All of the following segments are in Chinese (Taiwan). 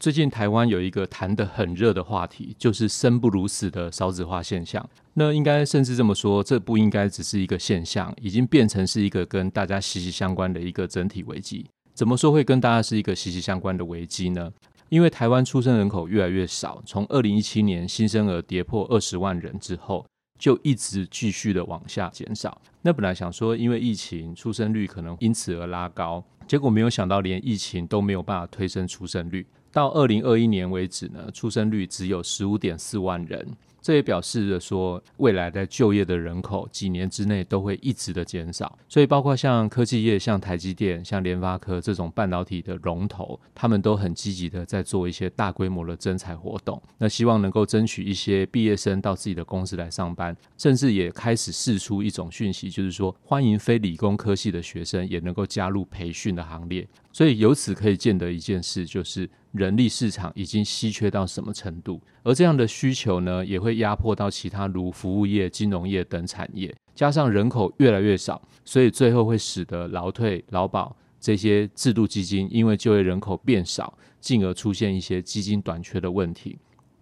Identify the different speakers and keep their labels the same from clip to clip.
Speaker 1: 最近台灣有一個談得很熱的話題，就是生不如死的少子化現象。那應該甚至這麼說，這不應該只是一個現象，已經變成是一個跟大家息息相關的一個整體危機。怎麼說會跟大家是一個息息相關的危機呢？因為台灣出生人口越來越少，從二零一七年新生兒跌破二十萬人之後，就一直繼續的往下減少。那本來想說，因為疫情出生率可能因此而拉高，結果沒有想到，連疫情都沒有辦法推升出生率。到二零二一年為止呢，出生率只有十五點四萬人，這也表示着說，未來在就業的人口幾年之內都會一直的減少。所以，包括像科技業、像台積電、像聯發科這種半導體的龍頭，他們都很積極的在做一些大規模的徵才活動，那希望能夠爭取一些畢業生到自己的公司來上班，甚至也開始釋出一種訊息，就是說，歡迎非理工科系的學生也能夠加入培訓的行列。所以由此可以見得一件事，就是人力市場已經稀缺到什麼程度，而這樣的需求呢，也會壓迫到其他如服務業、金融業等產業，加上人口越來越少，所以最後會使得勞退、勞保這些制度基金，因為就業人口變少，進而出現一些基金短缺的問題。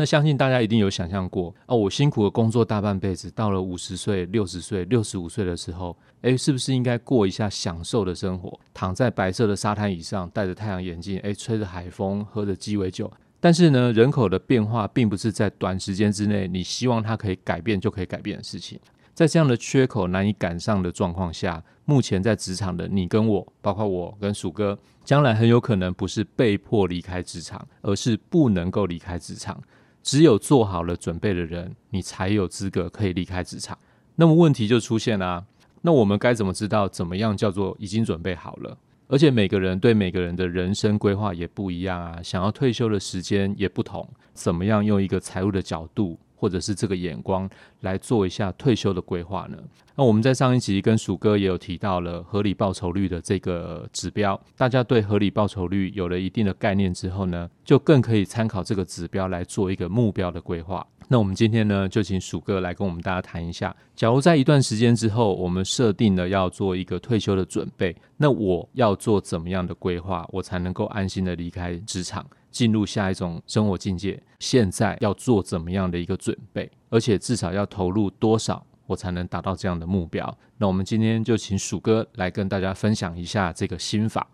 Speaker 1: 那相信大家一定有想象過哦，我辛苦的工作大半輩子，到了五十歲、六十歲、六十五歲的時候，誒，是不是應該過一下享受的生活？躺在白色的沙灘椅上，戴着太陽眼鏡，誒，吹着海風，喝着雞尾酒。但是呢，人口的變化並不是在短時間之內你希望它可以改變就可以改變的事情。在這樣的缺口難以趕上的狀況下，目前在職場的你跟我，包括我跟薯哥，將來很有可能不是被迫離開職場，而是不能夠離開職場。只有做好了準備的人，你才有資格可以離開職場。那麼問題就出現啦、啊，那我們該怎麼知道怎麼樣叫做已經準備好了？而且每個人對每個人的人生規劃也不一樣啊，想要退休的時間也不同，怎麼樣用一個財務的角度，或者是這個眼光，來做一下退休的規劃呢？那我們在上一集跟薯哥也有提到了合理報酬率的這個指標，大家對合理報酬率有了一定的概念之後呢，就更可以參考這個指標來做一個目標的規劃。那我們今天呢，就請薯哥來跟我們大家談一下，假如在一段時間之後，我們設定了要做一個退休的準備，那我要做怎麼樣的規劃，我才能夠安心的離開職場，進入下一種生活境界？現在要做怎麼樣的一個準備？而且至少要投入多少，我才能達到這樣的目標？那我們今天就請薯哥來跟大家分享一下這個心法。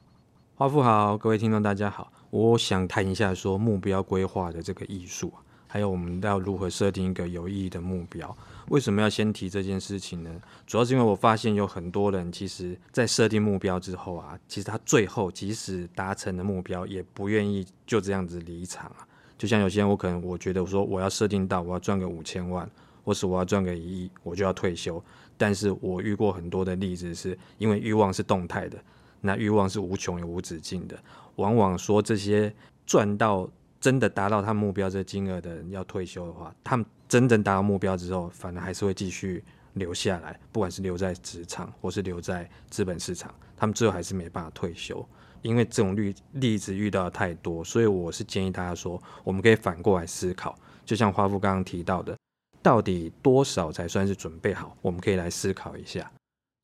Speaker 2: 花父好，各位聽眾大家好，我想談一下說目標規劃的這個藝術，還有我們要如何設定一個有意義的目標。為什麼要先提這件事情呢？主要是因為我發現有很多人其實，在設定目標之後啊，其實他最後即使達成了目標，也不願意就這樣子離場啊。就像有些人，我可能我覺得我說我要設定到我要賺個五千萬，或是我要賺個一億，我就要退休。但是我遇過很多的例子，是因為欲望是動態的，那欲望是無窮也無止境的。往往說這些賺到真的達到他目標這金額的人要退休的話，他們真正達到目標之後，反而還是會繼續留下來，不管是留在職場或是留在資本市場，他們最後還是沒辦法退休。因為這種例例子遇到的太多，所以我是建議大家說，我們可以反過來思考，就像花父剛剛提到的，到底多少才算是準備好？我們可以來思考一下。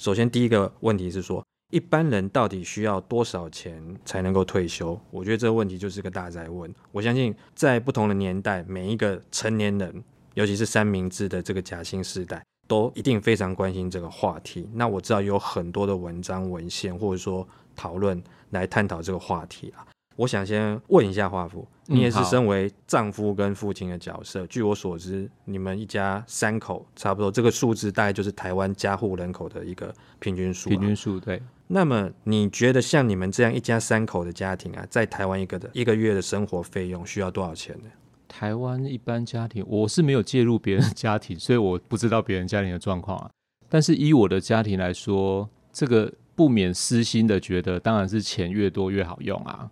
Speaker 2: 首先，第一個問題是說，一般人到底需要多少錢才能夠退休？我覺得這個問題就是個大哉問。我相信在不同的年代，每一個成年人，尤其是三明治的這個夾心世代。都一定非常關心這個話題。那我知道有很多的文章、文獻，或者說討論來探討這個話題啊。我想先問一下花父，嗯、你也是身為丈夫跟父親的角色。好據我所知，你們一家三口差不多這個數字，大概就是台灣家戶人口的一個平均數、啊。平均數，對。那麼你覺得像你們這樣一家三口的家庭啊，在台灣一個的一個月的生活費用需要多少錢呢？台灣一般家庭，我是沒有介入別人家
Speaker 1: 庭，所以我不知道別人家庭的狀況啊。但是以我的家庭來說，這個不免私心的覺得，當然是錢越多越好用啊。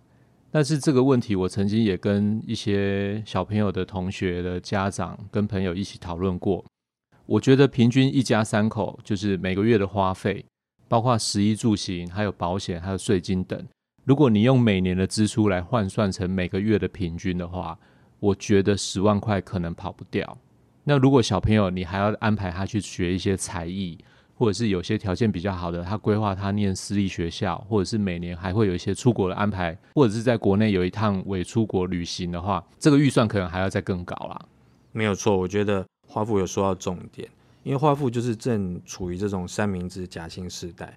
Speaker 1: 但是這個問題，我曾經也跟一些小朋友的同學的家長跟朋友一起討論過。我覺得平均一家三口就是每個月的花費，包括食衣住行，還有保險，還有稅金等。如果你用每年的支出來換算成每個月的平均的話，我覺得十萬塊可能跑不掉。那如果小朋友你還要安排他去學一些才藝，或者是有些條件比較好的，他規劃他念私立學校，或者是每年還會有一些出國的安排，或者是在國內有一趟偽
Speaker 2: 出國旅行的話，這個預算可能還要再更高啦。沒有錯，我覺得花父有說到重點，因為花父就是正處於這種三明治夾心時代，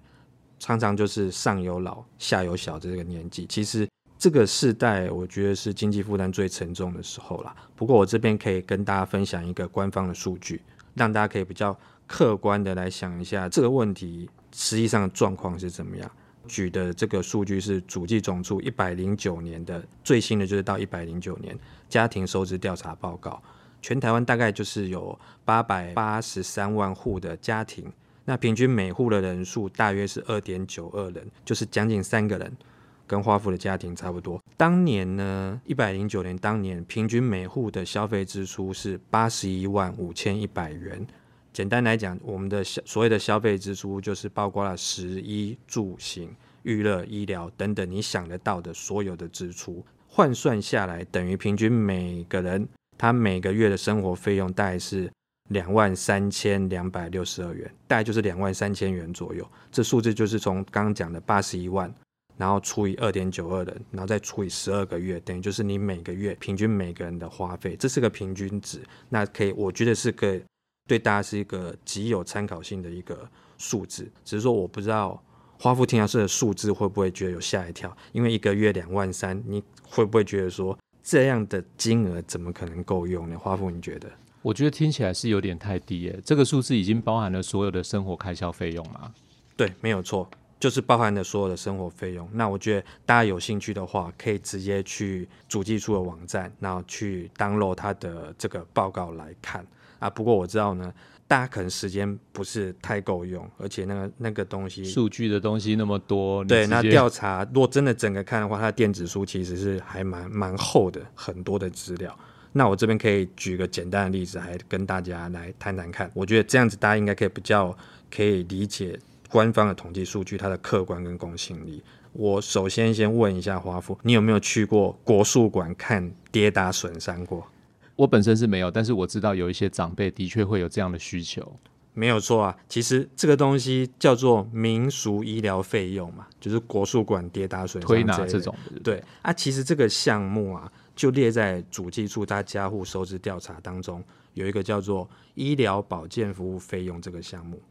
Speaker 2: 常常就是上有老下有小的這個年紀，其實。這個世代，我覺得是經濟負擔最沉重的時候啦。不過，我這邊可以跟大家分享一個官方的數據，讓大家可以比較客觀的來想一下這個問題，實際上的狀況是怎麼樣。舉的這個數據是主計總處一百零九年的最新的，就是到一百零九年家庭收支調查報告，全台灣大概就是有八百八十三萬戶的家庭，那平均每戶的人數大約是二點九二人，就是將近三個人。跟花父的家庭差不多。當年呢，一百零九年當年平均每戶的消費支出是八十一萬五千一百元。簡單來講，我們的消所謂的消費支出就是包括了食衣住行、娛樂、醫療等等你想得到的所有的支出。換算下來，等於平均每個人他每個月的生活費用大概是兩萬三千兩百六十二元，大概就是兩萬三千元左右。這數字就是從剛剛講的八十一萬。然後除以二點九二的，然後再除以十二個月，等於就是你每個月平均每個人的花費，這是個平均值。那可以，我覺得是個對大家是一個極有參考性的一個數字。只是說，我不知道花父聽到這個數字會不會覺得有嚇一跳，因為一個月兩萬三，你會不會覺得說這樣的金額怎麼可能夠用呢？花父，你覺得？我覺得聽起來是有點
Speaker 1: 太低誒。這個數字已經包含了所有的生活開銷費用嗎？
Speaker 2: 對，沒有錯。就是包含的所有的生活費用。那我覺得大家有興趣的話，可以直接去主計處的網站，然後去 download 它的這個報告來看啊。不過我知道呢，大家可能時間不是太夠用，而且那個那個東西，數據的東西那麼多。對，你那調查，如果真的整個看的話，它的電子書其實是還蠻蠻厚的，很多的資料。那我這邊可以舉個簡單的例子來跟大家來談談看。我覺得這樣子大家應該可以比較可以理解。官方的統計數據，它的客觀跟公信力。我首先先問一下華父，你有沒有去過國術館看跌打損傷過？我本身是沒有，但是我知道有一些長輩的確
Speaker 1: 會有這樣的需求。
Speaker 2: 沒有錯啊，其實這個東西叫做民俗醫療費用嘛，就是國術館跌打損傷、推拿這，這種。對啊，其實這個項目啊，就列在主計處大家戶收支調查當中，有一個叫做醫療保健服務費用這個項目。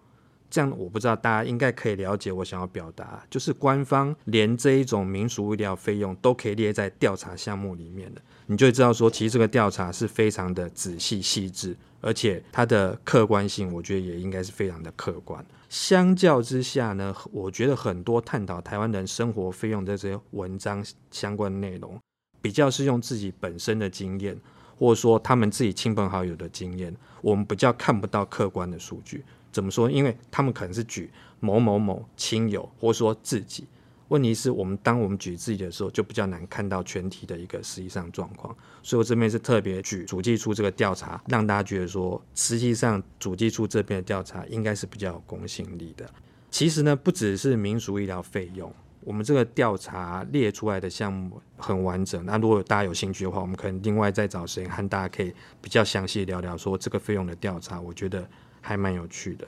Speaker 2: 這樣我不知道大家應該可以了解我想要表達，就是官方連這一種民俗醫療費用都可以列在調查項目裡面的，你就會知道說其實這個調查是非常的仔細細緻，而且它的客觀性，我覺得也應該是非常的客觀。相較之下呢，我覺得很多探討台灣人生活費用這些文章相關的內容，比較是用自己本身的經驗，或者說他們自己親朋好友的經驗，我們比較看不到客觀的數據。怎麼說？因為他們可能是舉某某某親友，或者說自己。問題是我們當我們舉自己的時候，就比較難看到全體的一個實際上狀況。所以我這邊是特別舉主計處這個調查，讓大家覺得說，實際上主計處這邊的調查應該是比較有公信力的。其實呢，不只是民俗醫療費用，我們這個調查列出來的項目很完整。那如果大家有興趣的話，我們可能另外再找時間和大家可以比較詳細聊聊說這個費用的調查，我覺得。還蠻有趣的。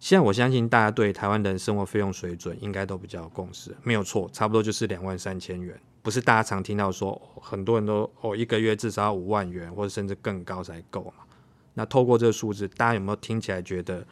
Speaker 2: 現在我相信大家對台灣的生活費用水準應該都比較有共識，沒有錯，差不多就是兩萬三千元，不是大家常聽到說，很多人都，哦，一個月至少要五萬元，或者甚至更高才夠嘛。那透過這個數字，大家有沒有聽起來覺得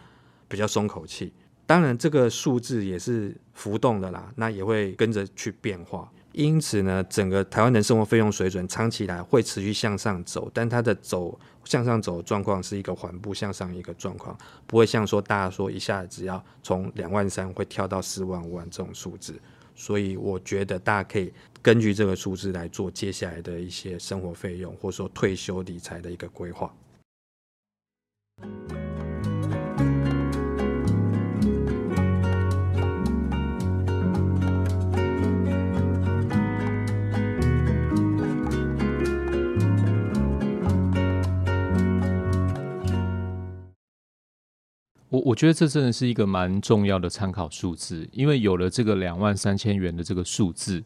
Speaker 2: 比較鬆口氣？當然這個數字也是浮動的啦，那也會跟着去變化。因此呢，整個台灣的生活費用水準長期來會持續向上走，但它的走向上走的狀況是一個緩步向上一個狀況，不會像說大家說一下子要從兩萬三會跳到四萬五萬這種數字。所以我覺得大家可以根據這個數字來做接下來的一些生活費用或者說退休理財的一個規劃。
Speaker 1: 我我覺得這真的是一個蠻重要的參考數字。因為有了這個兩萬三千元的這個數字，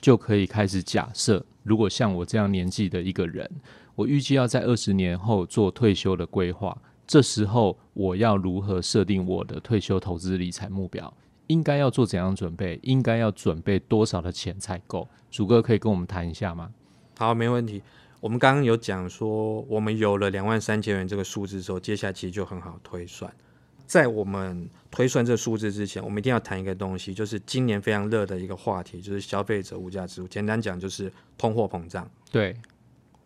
Speaker 1: 就可以開始假設，如果像我這樣年紀的一個人，我預計要在二十年後做退休的規劃，這時候我要如何設定我的退休投資理財目標？應該要做怎樣準備？應該要準備多少的錢才夠？薯哥可以跟我們談一下嗎？
Speaker 2: 好，沒問題。我們剛剛有講說，我們有了兩萬三千元這個數字之後，接下來其實就很好推算。在我們推算這數字之前，我們一定要談一個東西，就是今年非常熱的一個話題，就是消費者物價指數。簡單講就是通貨膨脹。對，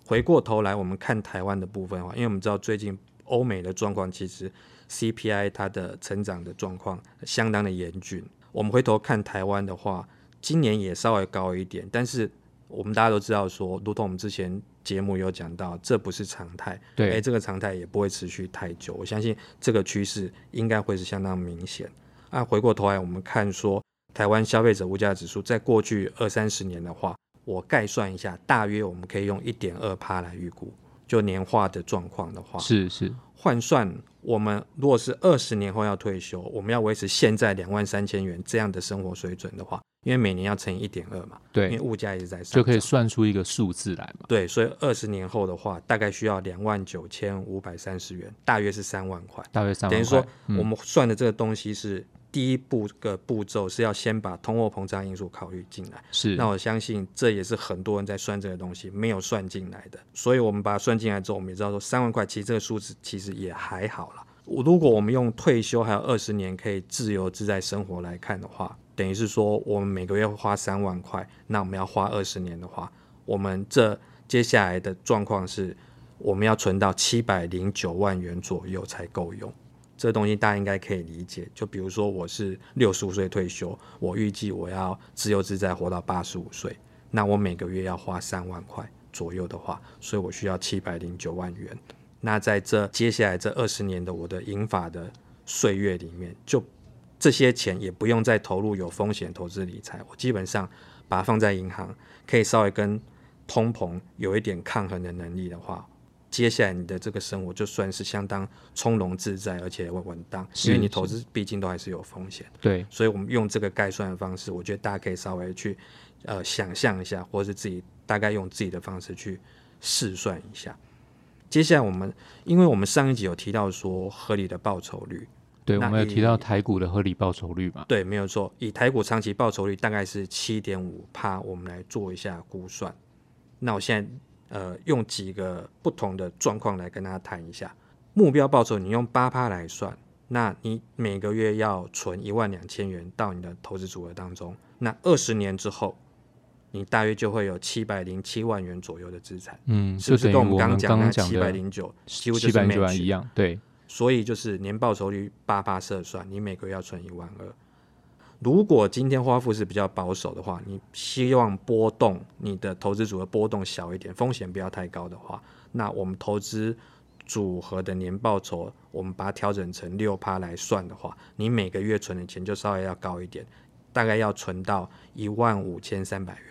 Speaker 2: 回過頭來我們看台灣的部分的話，因為我們知道最近歐美的狀況，其實 CPI 它的成長的狀況相當的嚴峻。我們回頭看台灣的話，今年也稍微高一點，但是。我們大家都知道說，說如同我們之前節目有講到，這不是常態，對，哎，這個常態也不會持續太久。我相信這個趨勢應該會是相當明顯。那、啊、回過頭來，我們看說台灣消費者物價指數，在過去二三十年的話，我概算一下，大約我們可以用一點二趴來預估，就年化的狀況的話，是是。換算我們如果是二十年後要退休，我們要維持現在兩萬三千元這樣的生活水準的話。因為每年要乘以一點二嘛，對，因為物價一直在上，就可以
Speaker 1: 算出一個數字來
Speaker 2: 嘛。對，所以二十年後的話，大概需要兩萬九千五百三十元，大約是三萬塊，大約三萬塊，等於說，嗯、我們算的這個東西是第一步的步驟，是要先把通貨膨脹因素考慮進來。是，那我相信這也是很多人在算這個東西沒有算進來的，所以我們把它算進來之後，我們也知道說三萬塊其實這個數字其實也還好了。我如果我們用退休還有二十年可以自由自在生活來看的話。等於是說，我們每個月花三萬塊，那我們要花二十年的話，我們這接下來的狀況是，我們要存到七百零九萬元左右才夠用。這東西大家應該可以理解。就比如說，我是六十五歲退休，我預計我要自由自在活到八十五歲，那我每個月要花三萬塊左右的話，所以我需要七百零九萬元。那在這接下來這二十年的我的銀髮的歲月裡面，就。這些錢也不用再投入有風險投資理財，我基本上把它放在銀行，可以稍微跟通膨有一點抗衡的能力的話，接下來你的這個生活就算是相當從容自在，而且穩穩當。是因為你投資畢竟都還是有風險。對，所以我們用這個概算的方式，我覺得大家可以稍微去呃想象一下，或是自己大概用自己的方式去試算一下。接下來我們，因為我們上一集有提到說合理的報酬率。對，我們有提到
Speaker 1: 台股的合理報酬率吧？
Speaker 2: 對，沒有錯，以台股長期報酬率大概是七點五趴，我們來做一下估算。那我現在呃，用幾個不同的狀況來跟大家談一下目標報酬，你用八趴來算，那你每個月要存一萬兩千元到你的投資組合當中，那二十年之後，你大約就會有七百零七萬元左右的資產。嗯，是不是跟我們剛剛講的七百零九，七百零九萬一樣？對。所以就是年報酬率八趴折算，你每個月要存一萬二。如果今天花父是比較保守的話，你希望波動，你的投資組合波動小一點，風險不要太高的話，那我們投資組合的年報酬，我們把它調整成六趴來算的話，你每個月存的錢就稍微要高一點，大概要存到一萬五千三百元。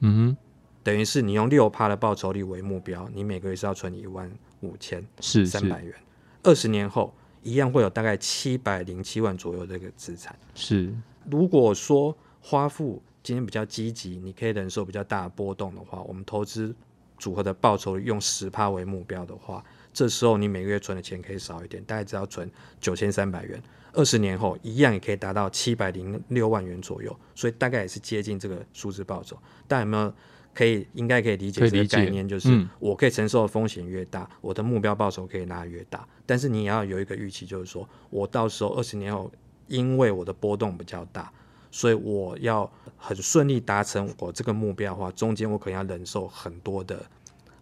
Speaker 2: 嗯哼，等於是你用六趴的報酬率為目標，你每個月是要存一萬五千是三百元。是是二十年後一樣會有大概七百零七萬左右的一個資產。是，如果說花富今天比較積極，你可以忍受比較大的波動的話，我們投資組合的報酬用十趴為目標的話，這時候你每個月存的錢可以少一點，大概只要存九千三百元。二十年後一樣也可以達到七百零六萬元左右，所以大概也是接近這個數字報酬。大家有沒有？可以，應該可以理解這個概念，就是我可以承受的風險越大，嗯、我的目標報酬可以拉越大。但是你也要有一個預期，就是說我到時候二十年後，因為我的波動比較大，所以我要很順利達成我這個目標的話，中間我可能要忍受很多的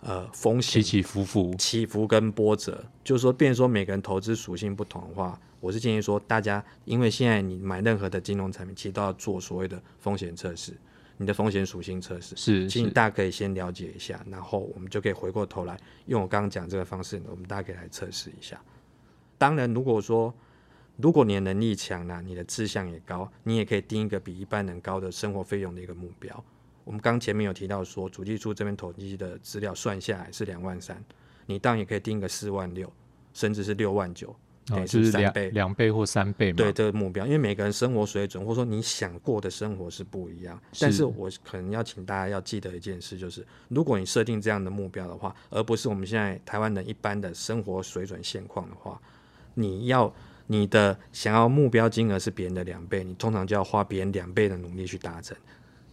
Speaker 2: 呃風險，起起伏伏，起伏跟波折。就是說，變成說每個人投資屬性不同的話，我是建議說大家，因為現在你買任何的金融產品，其實都要做所謂的風險測試。你的風險屬性測試是，是請你大家可以先了解一下，然後我們就可以回過頭來用我剛剛講這個方式，我們大家可以來測試一下。當然如，如果說如果你的能力強呢、啊，你的志向也高，你也可以定一個比一般人高的生活費用的一個目標。我們剛前面有提到說，主計總處這邊統計的資料算下來是兩萬三，你當然也可以定一個四萬六，甚至是六萬九。是不對、哦，就是兩倍，兩倍或三倍嘛。對，這個目標，因為每個人生活水準，或者說你想過的生活是不一樣。是，但是我可能要請大家要記得一件事，就是如果你設定這樣的目標的話，而不是我們現在台灣人一般的生活水準現況的話，你要你的想要目標金額是別人的兩倍，你通常就要花別人兩倍的努力去達成。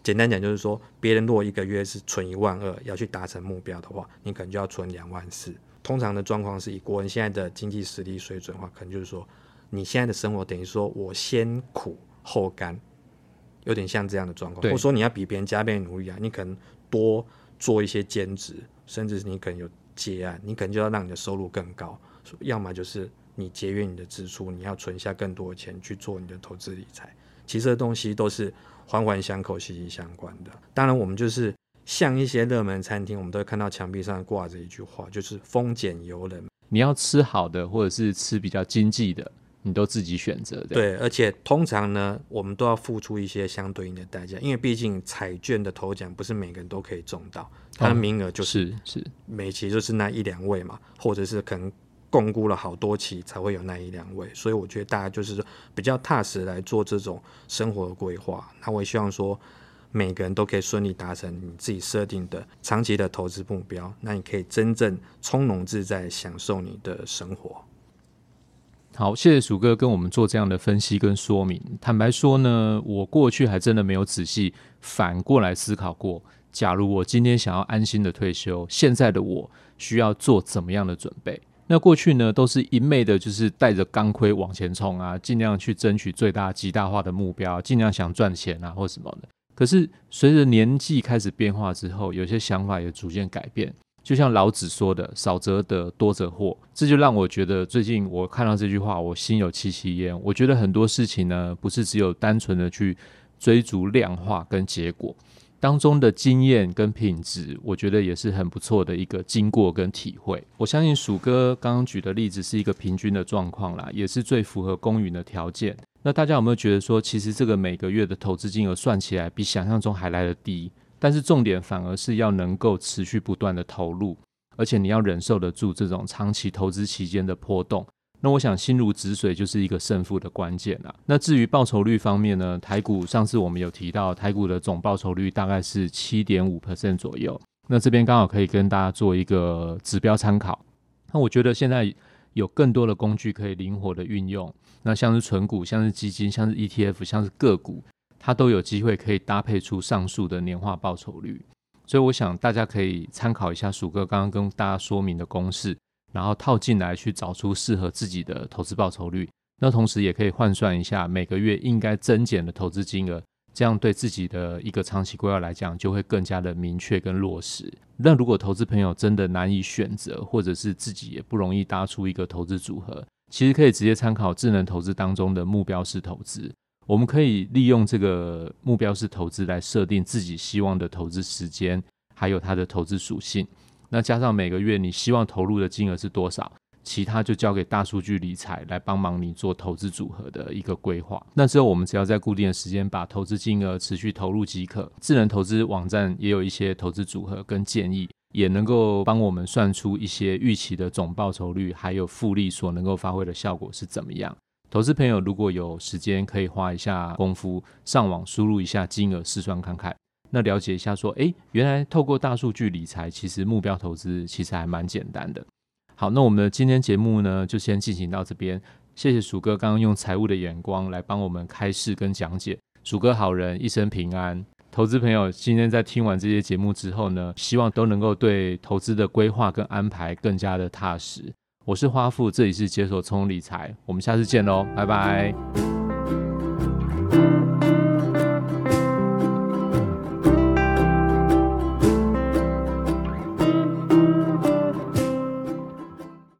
Speaker 2: 簡單講就是說，別人如果一個月是存一萬二，要去達成目標的話，你可能就要存兩萬四。通常的狀況是以國人現在的經濟實力水準的話，可能就是說，你現在的生活等於說我先苦後甘，有點像這樣的狀況。對或者說你要比別人加倍努力啊，你可能多做一些兼職，甚至你可能有接案，你可能就要讓你的收入更高。要麼就是你節約你的支出，你要存下更多的錢去做你的投資理財。其實這東西都是環環相扣、息息相關的。當然，我們就是。像一些熱門餐廳，我們都會看到牆壁上掛着一句話，就是“豐儉由人”。
Speaker 1: 你要吃好的，或者是吃比較經濟的，你都自己選擇。對,對，
Speaker 2: 而且通常呢，我們都要付出一些相對應的代價，因為畢竟彩券的頭獎不是每個人都可以中到，它的名額就是是每期就是那一兩位嘛，哦、或者是可能摃龜了好多期才會有那一兩位，所以我覺得大家就是說比較踏實來做這種生活的規劃。那我也希望說。每個人都可以順利達成你自己設定的長期的投資目標，那你可以真正從容自在享受你的生活。
Speaker 1: 好，謝謝薯哥跟我們做這樣的分析跟說明。坦白說呢，我過去還真的沒有仔細反過來思考過，假如我今天想要安心的退休，現在的我需要做怎麼樣的準備？那過去呢，都是一昧的，就是帶着鋼盔往前衝啊，儘量去爭取最大極大化的目標，儘量想賺錢啊，或什麼的。可是隨着年紀開始變化之後，有些想法也逐漸改變。就像老子說的“少則得，多則惑”，這就讓我覺得最近我看到這句話，我心有戚戚焉。我覺得很多事情呢，不是只有單純的去追逐量化跟結果。當中的經驗跟品質，我覺得也是很不錯的一個經過跟體會。我相信薯哥剛剛舉的例子是一個平均的狀況啦，也是最符合公允的條件。那大家有沒有覺得說，其實這個每個月的投資金額算起來比想象中還來得低？但是重點反而是要能夠持續不斷的投入，而且你要忍受得住這種長期投資期間的波動。那我想心如止水就是一個勝負的關鍵啦、啊。那至於報酬率方面呢，台股上次我們有提到，台股的總報酬率大概是七點五 percent 左右。那這邊剛好可以跟大家做一個指標參考。那我覺得現在有更多的工具可以靈活的運用，那像是存股、像是基金、像是 ETF、像是個股，它都有機會可以搭配出上述的年化報酬率。所以我想大家可以參考一下薯哥剛剛跟大家說明的公式。然後套進來去找出適合自己的投資報酬率，那同時也可以換算一下每個月應該增減的投資金額，這樣對自己的一個長期規劃來講就會更加的明確跟落實。那如果投資朋友真的難以選擇，或者是自己也不容易搭出一個投資組合，其實可以直接參考智能投資當中的目標式投資，我們可以利用這個目標式投資來設定自己希望的投資時間，還有它的投資屬性。那加上每個月你希望投入的金額是多少，其他就交給大數據理財來幫忙你做投資組合的一個規劃。那之後我們只要在固定的時間把投資金額持續投入即可。智能投資網站也有一些投資組合跟建議，也能夠幫我們算出一些預期的總報酬率，還有複利所能夠發揮的效果是怎麼樣。投資朋友如果有時間，可以花一下功夫上網輸入一下金額試算看看。那了解一下，說，哎，原來透過大數據理財，其實目標投資其實還蠻簡單的。好，那我們的今天節目呢，就先進行到這邊。謝謝薯哥剛剛用財務的眼光來幫我們開示跟講解。薯哥好人一生平安。投資朋友今天在聽完這些節目之後呢，希望都能夠對投資的規劃跟安排更加的踏實。我是花父，這裡是解鎖聰理財。我們下次見嘍，拜拜。